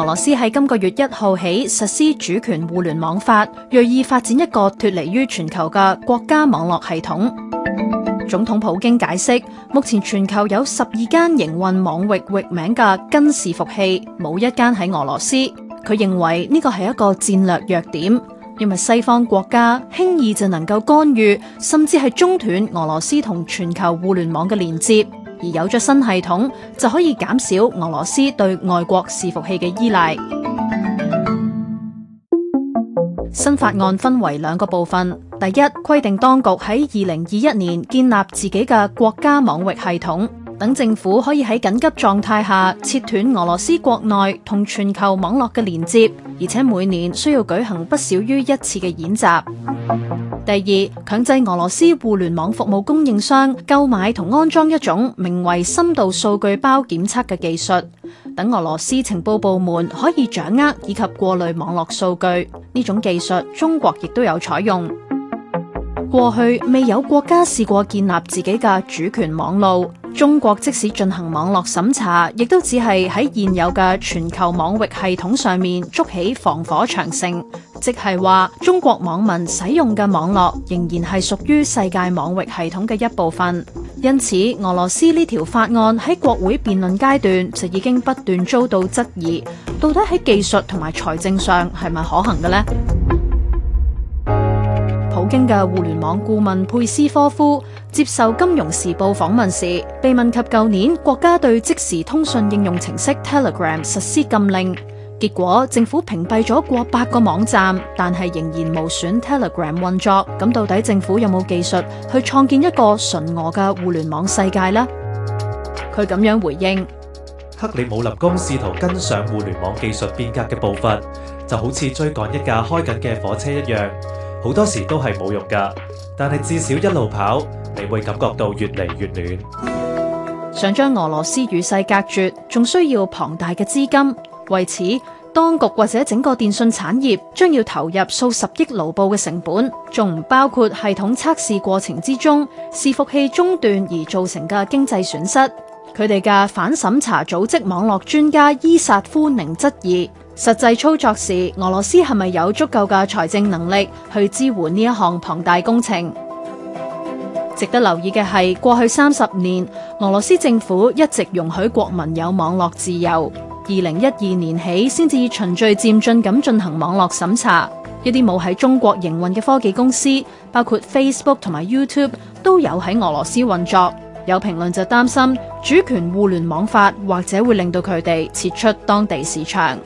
俄羅斯喺今個月一號起實施主權互聯網法，銳意發展一個脫離於全球嘅國家網絡系統。總統普京解釋，目前全球有十二間營運網域域名嘅根伺服器，冇一間喺俄羅斯。佢認為呢個係一個戰略弱點，因為西方國家輕易就能夠干預，甚至係中斷俄羅斯同全球互聯網嘅連接。而有咗新系統，就可以減少俄羅斯對外國伺服器嘅依賴。 新法案分為兩個部分，第一，規定當局喺二零二一年建立自己嘅國家網域系統。等政府可以喺緊急狀態下切斷俄羅斯國內同全球網絡嘅連接，而且每年需要舉行不少於一次嘅演習。第二，強制俄羅斯互聯網服務供應商購買同安裝一種名為深度數據包檢測嘅技術，等俄羅斯情報部門可以掌握以及過濾網絡數據。呢種技術中國亦都有採用。過去未有國家試過建立自己嘅主權網絡。中國即使進行網絡審查，亦都只係喺現有嘅全球網域系統上面築起防火長城，即係話中國網民使用嘅網絡仍然係屬於世界網域系統嘅一部分。因此，俄羅斯呢條法案喺國會辯論階段就已經不斷遭到質疑，到底喺技術同埋財政上係咪可行嘅呢？經嘅互聯網顧問佩斯科夫接受《金融時報》訪問時，被問及舊年國家對即時通訊應用程式 Telegram 實施禁令，結果政府屏蔽咗過百個網站，但係仍然無損 Telegram 運作。咁到底政府有冇技術去創建一個純俄嘅互聯網世界呢？佢咁樣回應：「克里姆林宮試圖跟上互聯網技術變革嘅步伐，就好似追趕一架開緊嘅火車一樣。好多時都係冇用噶，但係至少一路跑，你會感覺到越嚟越暖。想將俄羅斯與世隔絕，仲需要龐大嘅資金，為此當局或者整個電信產業將要投入數十億盧布嘅成本，仲唔包括系統測試過程之中伺服器中斷而造成嘅經濟損失。佢哋嘅反審查組織網絡專家伊薩夫寧質疑。實際操作時，俄羅斯係咪有足夠嘅財政能力去支援呢一項龐大工程？值得留意嘅係，過去三十年，俄羅斯政府一直容許國民有網絡自由。二零一二年起，先至循序漸進咁進行網絡審查。一啲冇喺中國營運嘅科技公司，包括 Facebook 同埋 YouTube，都有喺俄羅斯運作。有評論就擔心主權互聯網法或者會令到佢哋撤出當地市場。